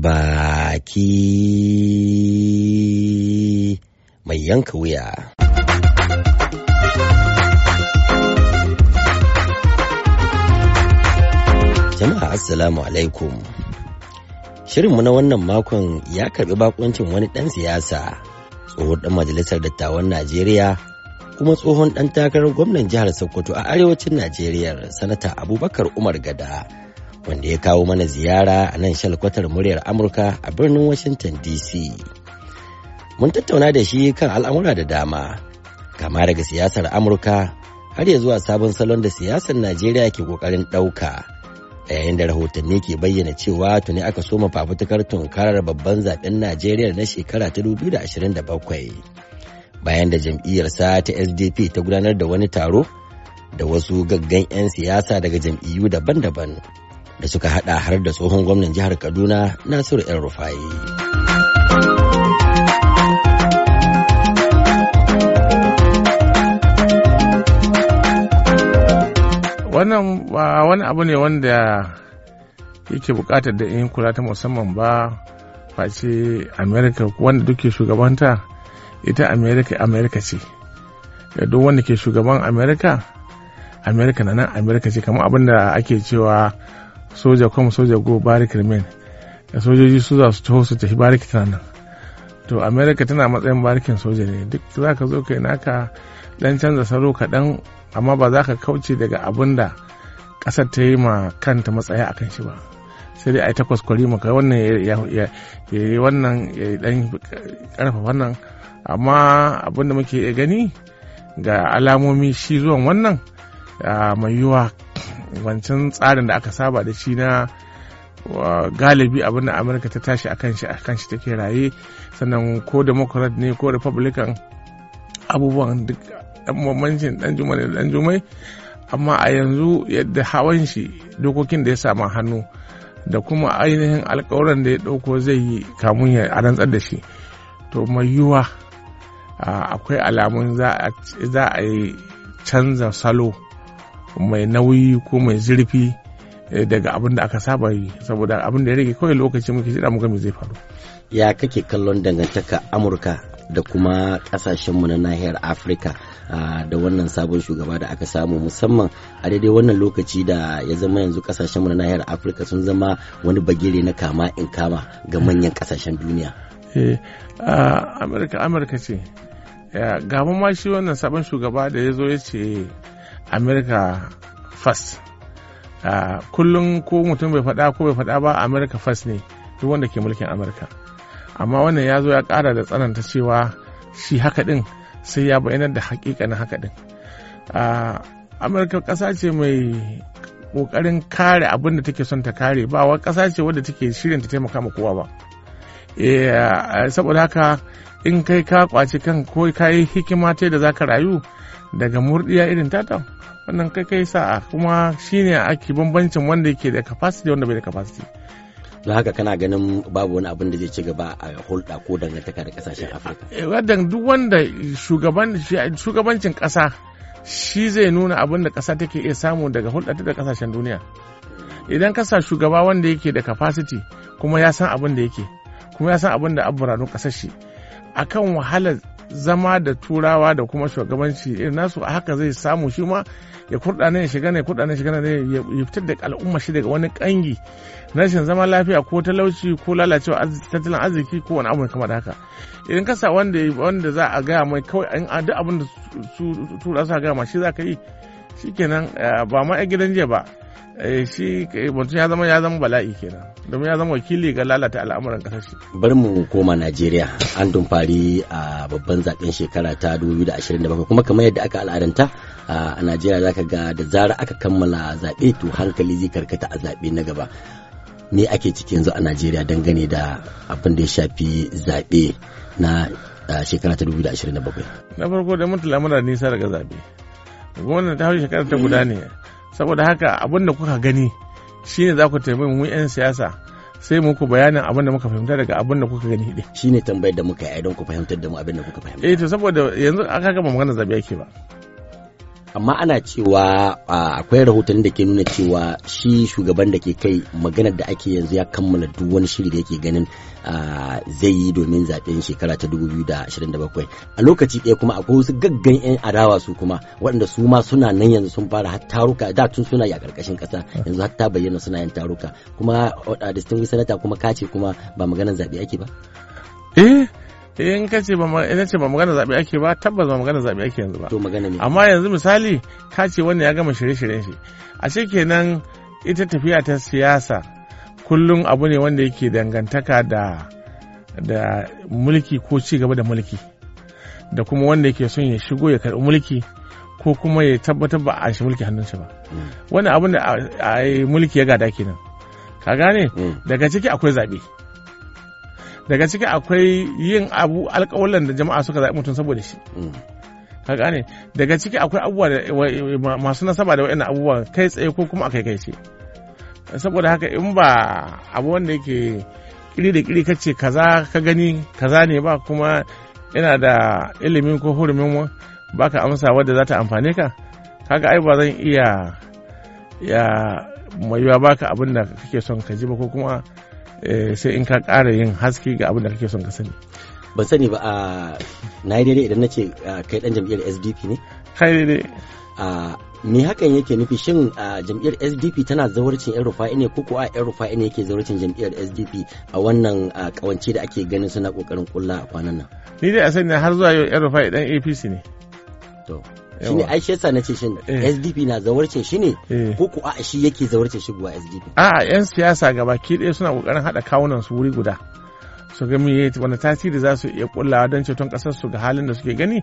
baki mai yanka wuya. Jama'a Assalamu alaikum. Shirinmu na wannan makon ya karbi bakuncin wani ɗan siyasa tsohon ɗan majalisar dattawan Najeriya kuma tsohon ɗan takarar gwamnan jihar Sokoto a arewacin Najeriya sanata Abubakar Umar Gada. wanda ya kawo mana ziyara a nan shalkwatar muryar Amurka a birnin Washington DC. Mun tattauna da shi kan al'amura da dama, kama daga siyasar Amurka har ya zuwa sabon salon da siyasar Najeriya ke ƙoƙarin ɗauka. A yayin da rahotanni ke bayyana cewa tuni aka soma fafutukar tunkarar babban zaben Najeriya na shekara ta 2027. Bayan da jam'iyyarsa ta SDP ta gudanar da wani taro da wasu gaggan 'yan siyasa daga jam'iyyu daban-daban da suka hada har da tsohon gwamnan jihar kaduna nasiru El rufai wannan ba wani abu ne wanda yake bukatar da yin kula ta musamman ba face america wanda duke shugabanta ita america america ce da duk wanda ke shugaban america america na nan america ce kamar abin da ake cewa soja kuma soja go barik remain da sojoji su za su taho su tafi barik tana nan to america tana matsayin barikin soja ne duk za ka zo kai naka dan canza saro kaɗan amma ba za ka kauce daga abin da ƙasar ta yi ma kanta matsaya a kan shi ba sai dai a yi takwas kwari maka wannan ya yi wannan ya yi dan ƙarfa wannan amma abin da muke gani ga alamomi shi zuwan wannan ah, mai yiwuwa wancan tsarin da aka saba da shi na galibi abin da amurka ta tashi a kan shi take raye sannan ko democrat ne ko republican abubuwan duk mamancin dan juma da dan jumai amma a yanzu yadda hawan shi dokokin da ya sama hannu da kuma ainihin alkawuran da ya ɗauko zai yi kamun ya a rantsar da shi to mai yiwuwa akwai alamun za a yi canza salo mai nauyi ko mai zurfi eh, daga abin da aka saba yi saboda abin da ya rage kawai lokaci muke jira mu ga me zai faru ya kake kallon dangantaka amurka da kuma kasashenmu na nahiyar afirka ah, da wannan sabon shugaba da aka samu musamman a daidai wannan lokaci da ya zama yanzu kasashenmu na nahiyar afirka sun zama wani bagire na kama in kama ga manyan kasashen duniya eh, amurka amurka ce gaban ma shi wannan sabon shugaba da ya zo ya ce america first ah, kullum ko mutum bai faɗa ko bai faɗa ba america first ne duk wanda ke mulkin amurka amma wannan ya zo ya ƙara da tsananta cewa shi haka ɗin sai ya bayyanar da na haka ɗin ah, amurka ƙasa ce mai ƙoƙarin kare abin da take son ta kare ba wa ƙasa ce wadda take shirin ta taimaka ma kowa ba eh, saboda haka in kai ka kwaci kan ko kai hikima ta da za ka rayu daga murɗiya irin tata wannan kai kai sa'a kuma shine ake bambancin wanda yake da capacity wanda bai da capacity don haka kana ganin babu wani abin da zai ci gaba a hulɗa ko dangantaka da ƙasashen afirka eh, wadan duk wanda shugabancin ƙasa shi zai nuna abin da ƙasa take iya samu daga hulɗa da ƙasashen duniya idan ka sa shugaba wanda yake da capacity kuma ya san abin da yake kuma ya san abin da abubuwan ƙasar shi akan wahalar zama da turawa da kuma shugabanci irin nasu a haka zai samu shi ma ya kurɗa ne ya shiga ne kurɗa ne shiga ne ya fitar da al'umma shi daga wani kangi na rashin zama lafiya ko talauci ko lalacewa tattalin arziki ko wani abu kamar haka idan ka sa wanda wanda za a gaya mai kawai an duk abin da su tura su gaya ma shi za ka yi shikenan ba ma gidan jiya ba Eh, shi eh, mutum ya zama ya zama bala'i kenan domin ya zama wakili ga lalata al'amuran kasar shi bari mu koma Najeriya an dumfari a babban zaben shekara ta 2027 kuma kamar yadda aka al'adanta a Najeriya zaka ga da zara aka kammala zaɓe to hankali zai karkata a zaɓe na gaba me ake ciki yanzu a Najeriya dangane da abin da ya shafi zaɓe na shekara ta 2027 na farko da mutum lamura nisa daga zaɓe gwamnati ta hau shekara ta guda ne saboda haka abin da kuka gani shine za ku taimaka mu 'yan siyasa sai muku bayanin abin da muka fahimta daga abin da kuka gani Shi shine tambayar da muka yi don ku fahimtar da mu abin da kuka fahimta eh to saboda yanzu aka gama magana zabe ake ba amma ana cewa akwai rahoton da ke nuna cewa shi shugaban da ke kai maganar da ake yanzu ya kammala duk wani shiri da yake ganin zai yi domin zaben shekara ta 2027 a lokaci ɗaya kuma akwai wasu gaggan 'yan adawa su kuma waɗanda su ma suna nan yanzu sun fara har taruka da tun suna yi a ƙarƙashin ƙasa yanzu har ta bayyana suna yin taruka kuma distinguished senator kuma kace kuma ba maganar zaɓe ake ba eh, in ka ce ba ce ba magana zabe ake ba tabbas ba magana zabe ake yanzu ba to magana ne amma yanzu misali ka ce wannan ya gama shirye-shiryen shi ce kenan ita tafiya ta siyasa kullum abu ne wanda yake dangantaka da da mulki ko ci gaba da mulki da kuma wanda yake son ya shigo ya karɓi mulki ko kuma ya tabbatar ba a shi mulki hannun shi ba mm. wani abu da a mulki ya gada kenan ka gane mm. daga ciki akwai zaɓe daga ciki akwai yin abu alƙawalan da jama'a suka zaɓi mutum saboda shi mm. ka gane daga ciki akwai abubuwa masu nasaba da wa'in abubuwa kai tsaye ko kuma akai kai ce saboda haka in ba abu wanda yake kiri da kiri kace kaza ka gani kaza ne ba kuma yana da ilimin ko hurumin baka amsa wadda za ta amfane ka kaga ai ba zan iya ya mai baka abinda kake son ka ji ba ko kuma Eh, sai in ka ƙara yin haske ga abin da kake son ka sani ban sani ba a na yi daidai idan na ce kai dan jam'iyyar sdp ne kai daidai me hakan yake nufi shin jam'iyyar sdp tana zawarcin yan rufa'i ne ko kuwa yan rufa'i ne yake zawarcin jam'iyyar sdp a wannan kawance da ake ganin suna kokarin kulla a kwanan nan ni dai a sani har zuwa yau yan rufa'i dan apc ne shine ai shi yasa nace shin eh. SDP na zawarce shi ne eh. ko ku a shi yake zawarce shi guwa SDP a yan siyasa baki ɗaya suna kokarin hada kawunan su wuri guda su ga me wani tasiri za su iya kullawa don ceton kasar su ga halin da suke gani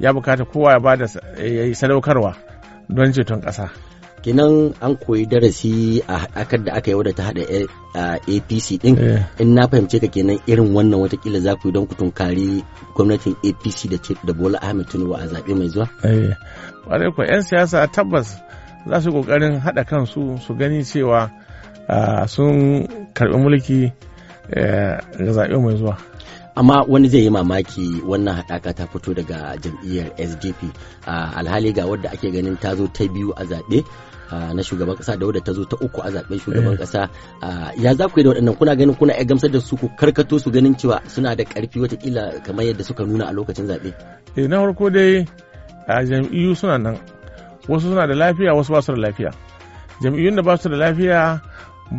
ya bukata kowa ya bada sadaukarwa don ceton kasa kinan an koyi darasi a akar da aka yi wadda ta hada eh, apc din eh. in na fahimce ka kenan irin wannan watakila za ku yi don ku tunkari gwamnatin apc da bola ahmed tinubu a zaɓe mai zuwa eh. ƙwarai ko 'yan siyasa tabbas za su ƙoƙarin haɗa kansu su gani cewa sun karɓi mulki ga zaɓe mai zuwa amma wani zai yi mamaki wannan haɗaka ta fito daga jam'iyyar sdp alhali ga wadda ake ganin ta zo ta biyu a zaɓe na shugaban kasa da wadda ta zo ta uku a zaben shugaban eh. kasa ya za ku yi da waɗannan kuna ganin kuna iya gamsar da su ku karkato su ganin cewa suna da ƙarfi watakila kamar yadda suka nuna a lokacin zaɓe. Eh, na farko dai a jam'iyyu suna nan wasu suna da lafiya wasu ba su da lafiya jam'iyyun da ba su da lafiya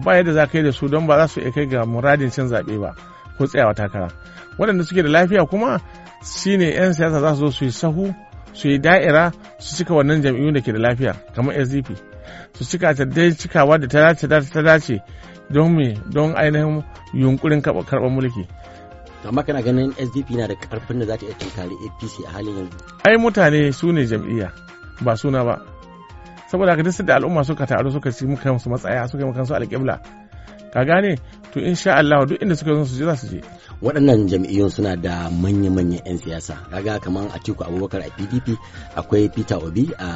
ba yadda za ka yi da su don ba za su iya kai ga muradin cin zaɓe ba ko tsayawa takara waɗanda suke da lafiya kuma shine 'yan siyasa za su zo su yi sahu su yi da'ira su cika wannan jam'iyyun da ke da lafiya kamar sdp su cika ta dai cikawa da ta dace da ta dace don me don ainihin yunkurin karɓar mulki amma kana ganin sdp na da karfin da za ta iya tunkari apc a halin yanzu ai mutane su ne jam'iyya ba suna ba saboda ka duk da al'umma suka taru suka ci muka musu matsaya suka yi muka su alƙibla ka gane to insha Allah duk inda suka zo su je za su je waɗannan jam'iyyun suna da manya-manyan 'yan siyasa kaga kamar atiku abubakar a pdp akwai peter obi a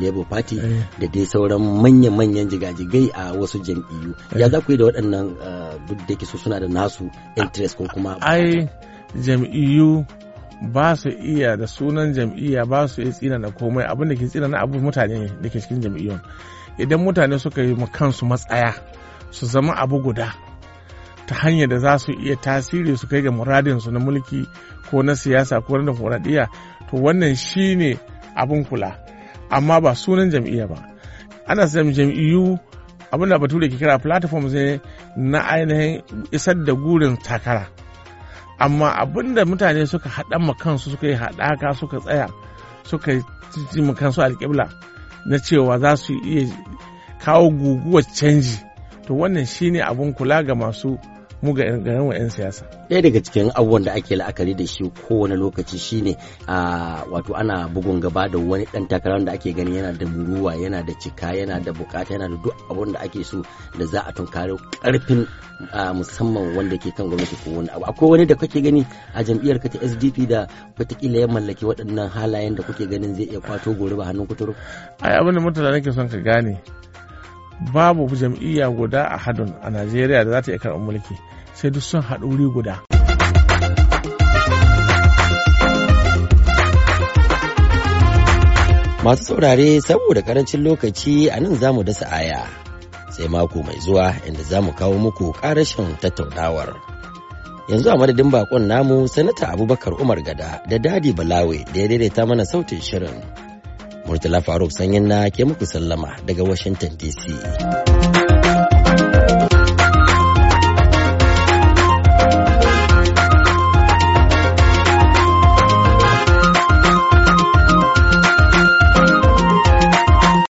labour party eh. da dai sauran manya-manyan jigajigai a wasu jam'iyyu ya eh. za ku yi da waɗannan eh, duk da ke so suna da nasu interest ko kuma ai jam'iyyu ba su iya da sunan jam'iyya ba su iya tsina da komai abin da ke tsina na abu mutane da ke cikin jam'iyyun idan mutane suka yi kansu matsaya su zama abu guda ta hanyar da za su iya tasiri su kai ga muradinsu na mulki ko na siyasa ko na horadiya to wannan shi ne abin kula amma ba sunan jam'iyya ba ana sayan jam'iyyu abin da bature ke kira platform ne na ainihin isar da gurin takara amma abin da mutane suka haɗa kansu suka yi haɗaka suka tsaya suka yi kansu alƙibla na cewa za su iya kawo guguwar canji to wannan shine abin kula ga masu mu ga garin wa 'yan siyasa. Ɗaya daga cikin abubuwan da ake la'akari da shi kowane lokaci shine a wato ana bugun gaba da wani ɗan takara da ake gani yana da muruwa yana da cika yana da bukata yana da duk abun da ake so da za a tunkari ƙarfin musamman wanda ke kan gwamnati ko wani abu. Akwai wani da kake gani a jam'iyyar ka ta SDP da wataƙila ya mallaki waɗannan halayen da kuke ganin zai iya kwato gobe ba hannun kuturu. Ai abin da mutane nake son ka gane babu jam'iyya guda a hadun a najeriya da za ta iya karɓar mulki sai duk sun haɗu wuri guda masu saurare saboda karancin lokaci a nan za mu dasa aya sai mako mai zuwa inda za mu kawo muku ƙarashin tattaunawar yanzu a madadin bakon namu sanata abubakar umar gada da dadi balawe da ya daidaita mana sautin shirin Murtala Faruk sanyin na ke muku sallama daga Washington DC.